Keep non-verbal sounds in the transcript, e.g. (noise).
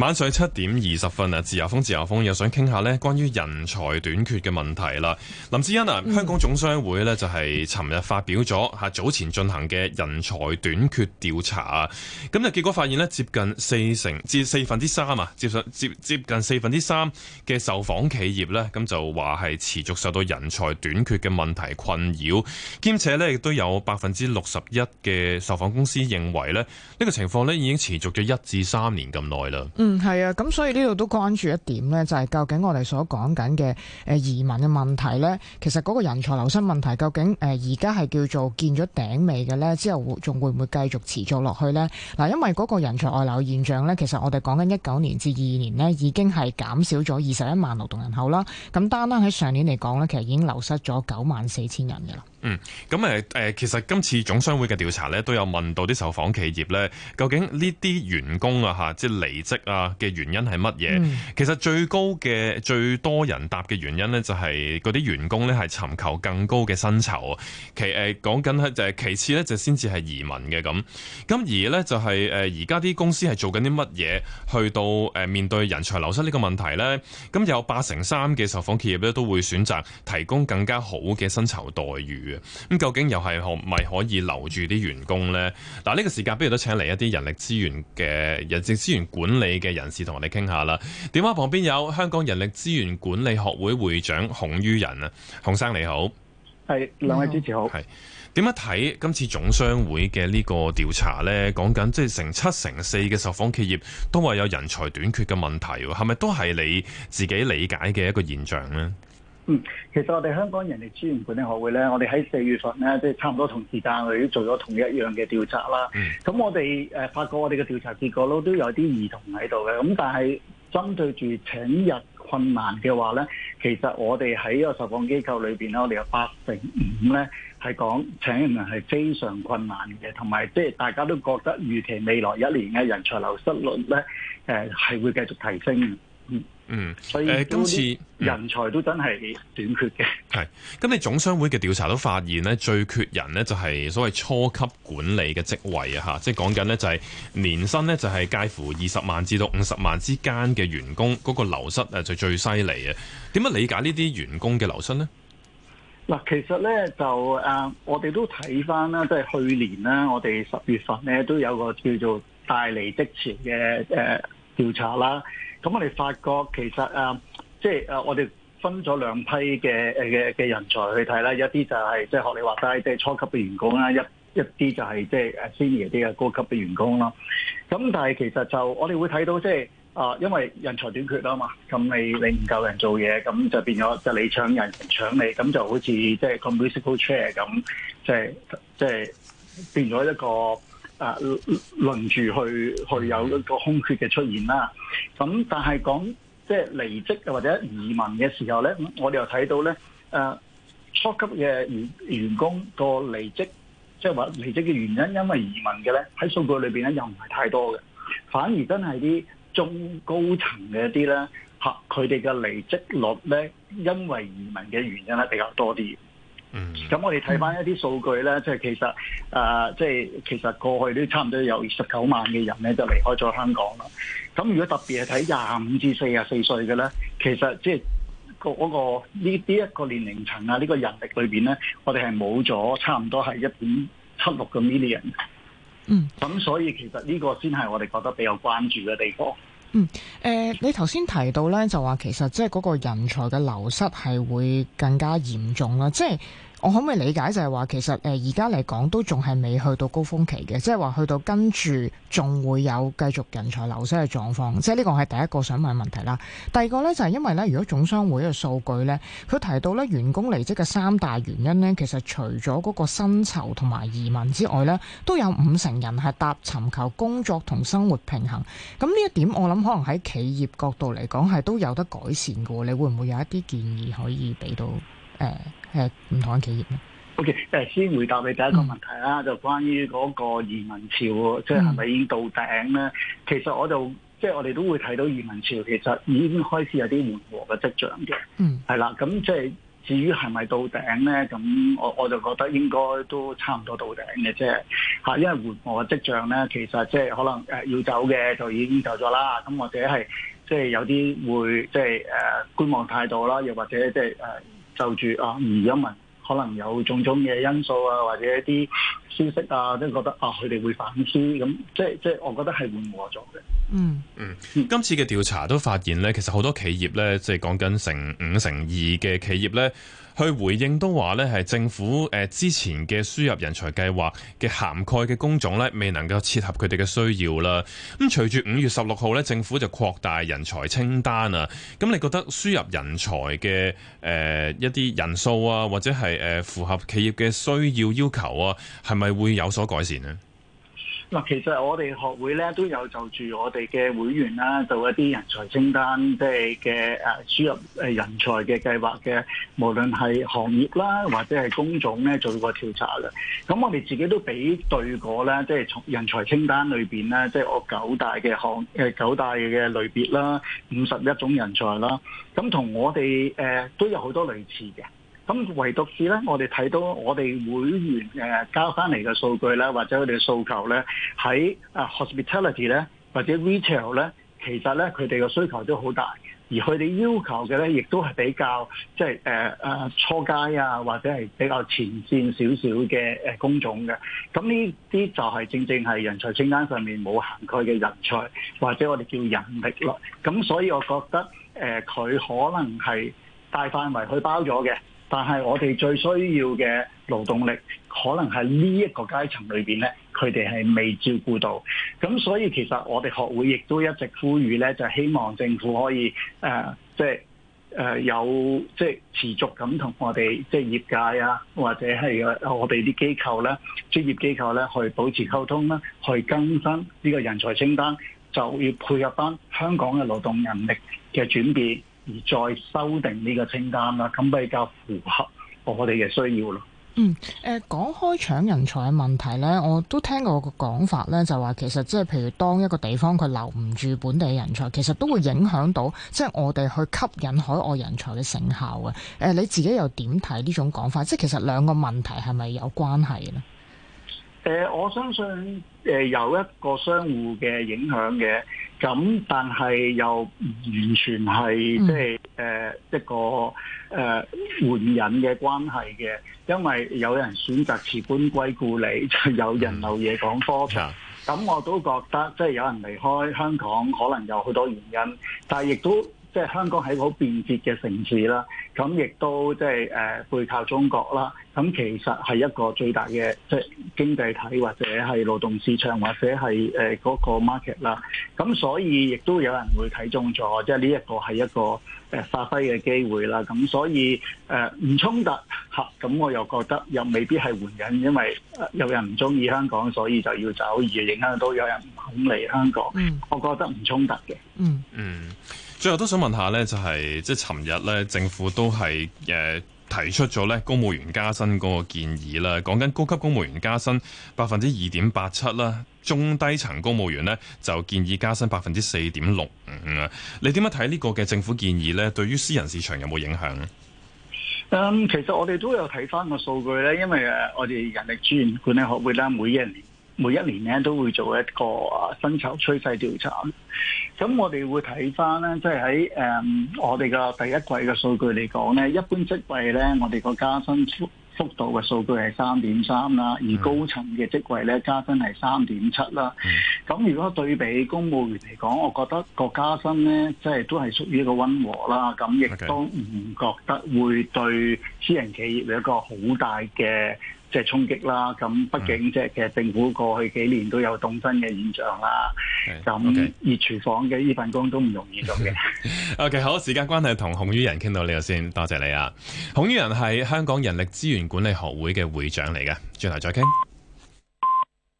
晚上七點二十分啊，自由風自由風又想傾下咧，關於人才短缺嘅問題啦。林志欣啊，香港總商會咧就係尋日發表咗早前進行嘅人才短缺調查啊，咁啊結果發現咧接近四成至四分之三啊，接近接近四分之三嘅受訪企業咧，咁就話係持續受到人才短缺嘅問題困擾，兼且咧亦都有百分之六十一嘅受訪公司認為呢呢個情況咧已經持續咗一至三年咁耐啦。係、嗯、啊，咁所以呢度都關注一點呢，就係、是、究竟我哋所講緊嘅誒移民嘅問題呢？其實嗰個人才流失問題究竟誒而家係叫做見咗頂未嘅呢？之後還會仲會唔會繼續持續落去呢？嗱，因為嗰個人才外流現象呢，其實我哋講緊一九年至二年呢，已經係減少咗二十一萬勞動人口啦。咁單單喺上年嚟講呢，其實已經流失咗九萬四千人嘅啦。嗯，咁誒誒，其實今次總商會嘅調查咧，都有問到啲受訪企業咧，究竟呢啲員工啊吓，即係離職啊嘅原因係乜嘢？嗯，其實最高嘅最多人答嘅原因呢，就係嗰啲員工咧係尋求更高嘅薪酬。其誒講緊就係其次咧，就先至係移民嘅。咁。咁而呢，就係誒而家啲公司係做緊啲乜嘢，去到誒面對人才流失呢個問題咧？咁有八成三嘅受訪企業咧都會選擇提供更加好嘅薪酬待遇。咁究竟又係可咪可以留住啲員工呢？嗱，呢個時間不如都請嚟一啲人力資源嘅、人力資源管理嘅人士同我哋傾下啦。電話旁邊有香港人力資源管理學會會長孔于人啊，孔生你好，係，兩位主持好。係點樣睇今次總商會嘅呢個調查呢？講緊即係成七成四嘅受訪企業都話有人才短缺嘅問題，係咪都係你自己理解嘅一個現象呢？嗯，其實我哋香港人力資源管理學會咧，我哋喺四月份咧，即係差唔多同時間，去都做咗同一樣嘅調查啦。咁、嗯、我哋、呃、發覺我哋嘅調查結果咧，都有啲異同喺度嘅。咁但係針對住請入困難嘅話咧，其實我哋喺個受訪機構裏面咧，我哋有八成五咧係講請人係非常困難嘅，同埋即係大家都覺得預期未來一年嘅人才流失率咧，係、呃、會繼續提升。嗯，所以，呃今次嗯、人才都真係短缺嘅。係，咁你總商會嘅調查都發現咧，最缺人呢就係所謂初級管理嘅職位啊，吓，即係講緊咧就係年薪呢，就係介乎二十萬至到五十萬之間嘅員工嗰、嗰個流失誒就最犀利啊！點樣理解呢啲員工嘅流失呢？嗱，其實呢，就誒、呃，我哋都睇返啦。即係去年咧，我哋十月份呢，都有個叫做大離職潮嘅誒調查啦。咁我哋發覺其實啊，即係啊，我哋分咗兩批嘅嘅嘅人才去睇啦，一啲就係即係學你話齋，即係初級嘅員工啦，一一啲就係即係 senior 啲嘅高級嘅員工啦。咁但係其實就我哋會睇到即係啊，因為人才短缺啊嘛，咁你你唔夠人做嘢，咁就變咗就你搶人，人搶你，咁就好似即係個 musical chair 咁，即係即係變咗一個 chair。就是啊，輪住去去有一個空缺嘅出現啦、啊。咁但係講即係、就是、離職或者移民嘅時候咧，我哋又睇到咧，誒、啊、初級嘅員員工個離職，即係話離職嘅原因因為移民嘅咧，喺數據裏面咧又唔係太多嘅，反而真係啲中高層嘅一啲咧，嚇佢哋嘅離職率咧，因為移民嘅原因咧比較多啲。嗯，咁我哋睇翻一啲數據咧，即係其實，誒、呃，即係其實過去都差唔多有二十九萬嘅人咧，就離開咗香港啦。咁如果特別係睇廿五至四十四歲嘅咧，其實即係、嗰個嗰個呢呢一個年齡層啊，呢、呢個人力裏邊咧，我哋係冇咗差唔多係一點七六個 million。嗯，咁所以其實呢個先係我哋覺得比較關注嘅地方。嗯，誒、呃，你頭先提到咧，就話其實即係嗰個人才嘅流失係會更加嚴重啦，即係。我可唔可以理解就係話，其實誒而家嚟講都仲係未去到高峰期嘅，即係話去到跟住仲會有繼續人才流失嘅狀況。即係呢個係第一個想問嘅問題啦。第二個咧就係因為咧，如果總商會嘅數據咧，佢提到咧員工離職嘅三大原因咧，其實除咗嗰個薪酬同埋移民之外咧，都有五成人係搭尋求工作同生活平衡。咁呢一點我諗可能喺企業角度嚟講係都有得改善嘅。你會唔會有一啲建議可以俾到？誒誒，唔、uh, uh, 同嘅企業 O K，誒，okay, uh, 先回答你第一個問題啦，嗯、就關於嗰個移民潮，即係係咪已經到頂咧？其實我就即係、就是、我哋都會睇到移民潮，其實已經開始有啲緩和嘅跡象嘅。嗯，係啦，咁即係至於係咪到頂咧？咁我我就覺得應該都差唔多到頂嘅啫。吓，因為緩和嘅跡象咧，其實即係可能誒要走嘅就已經走咗啦。咁或者係即係有啲會即係誒觀望態度啦，又或者即係誒。呃就住啊，移民。可能有種種嘅因素啊，或者一啲消息啊，都覺得啊，佢哋會反思咁，即係即係，我覺得係緩和咗嘅。嗯嗯，今次嘅調查都發現咧，其實好多企業咧，即係講緊成五成二嘅企業咧，去回應都話咧，係政府誒、呃、之前嘅輸入人才計劃嘅涵蓋嘅工種咧，未能夠切合佢哋嘅需要啦。咁隨住五月十六號咧，政府就擴大人才清單啊，咁你覺得輸入人才嘅誒、呃、一啲人數啊，或者係？誒，符合企業嘅需要要求啊，係咪會有所改善呢？嗱，其實我哋學會咧都有就住我哋嘅會員啦，做一啲人才清單，即係嘅誒輸入誒人才嘅計劃嘅，無論係行業啦，或者係工種咧，做過調查嘅。咁我哋自己都比對過咧，即係從人才清單裏邊咧，即係我九大嘅行誒九大嘅類別啦，五十一種人才啦，咁同我哋誒都有好多類似嘅。咁唯獨是咧，我哋睇到我哋會員誒交翻嚟嘅數據咧，或者佢哋嘅訴求咧喺誒 hospitality 咧，或者 retail 咧，其實咧佢哋嘅需求都好大，而佢哋要求嘅咧，亦都係比較即係誒誒初階啊，或者係比較前線少少嘅誒工種嘅。咁呢啲就係正正係人才清單上面冇行佢嘅人才，或者我哋叫人力咯。咁所以我覺得誒佢可能係大範圍去包咗嘅。但係我哋最需要嘅勞動力，可能係呢一個階層裏邊咧，佢哋係未照顧到。咁所以其實我哋學會亦都一直呼籲咧，就希望政府可以誒、呃，即係誒有即係持續咁同我哋即係業界啊，或者係我哋啲機構咧，專業機構咧去保持溝通啦，去更新呢個人才清單，就要配合翻香港嘅勞動人力嘅轉變。而再修訂呢個清單啦，咁比較符合我哋嘅需要咯。嗯，誒、呃，講開搶人才嘅問題咧，我都聽過個講法咧，就話、是、其實即係譬如當一個地方佢留唔住本地人才，其實都會影響到即係、就是、我哋去吸引海外人才嘅成效嘅。誒、呃，你自己又點睇呢種講法？即係其實兩個問題，係咪有關係咧？誒、呃，我相信誒、呃、有一個相互嘅影響嘅，咁但係又唔完全係即係誒一個誒緩引嘅關係嘅，因為有人選擇辭官歸故里，就有人漏夜趕科場。咁、嗯、我都覺得即係、就是、有人離開香港，可能有好多原因，但係亦都即係、就是、香港係個好便捷嘅城市啦。咁亦都即係誒、背靠中國啦，咁其實係一個最大嘅即係經濟體或者係勞動市場或者係誒嗰個 market 啦。咁所以亦都有人會睇中咗，即係呢一個係一個誒發揮嘅機會啦。咁所以誒唔衝突吓，咁我又覺得又未必係換人，因為有人唔中意香港，所以就要走而影響到有人唔肯嚟香港。嗯，我覺得唔衝突嘅。嗯嗯，最後都想問下咧，就係即係尋日咧，政府都。都係誒提出咗咧公務員加薪，嗰個建議啦，講緊高級公務員加薪百分之二點八七啦，中低層公務員呢就建議加薪百分之四點六五。你點樣睇呢個嘅政府建議呢？對於私人市場有冇影響？嗯，其實我哋都有睇翻個數據咧，因為誒我哋人力資源管理學會啦，每一年。每一年咧都會做一個薪酬趨勢調查，咁我哋會睇翻咧，即係喺誒我哋嘅第一季嘅數據嚟講咧，一般職位咧，我哋個加薪幅幅度嘅數據係三點三啦，而高層嘅職位咧，加薪係三點七啦。咁、嗯、如果對比公務員嚟講，我覺得個加薪咧，即係都係屬於一個溫和啦，咁亦都唔覺得會對私人企業有一個好大嘅。即係衝擊啦，咁畢竟即係嘅政府過去幾年都有凍薪嘅現象啦，咁熱、嗯、廚房嘅呢份工都唔容易做嘅。Okay. (laughs) OK，好，時間關係，同孔于人傾到呢度先，多謝你啊！孔于人係香港人力資源管理學會嘅會長嚟嘅，轉頭再傾。 (noise)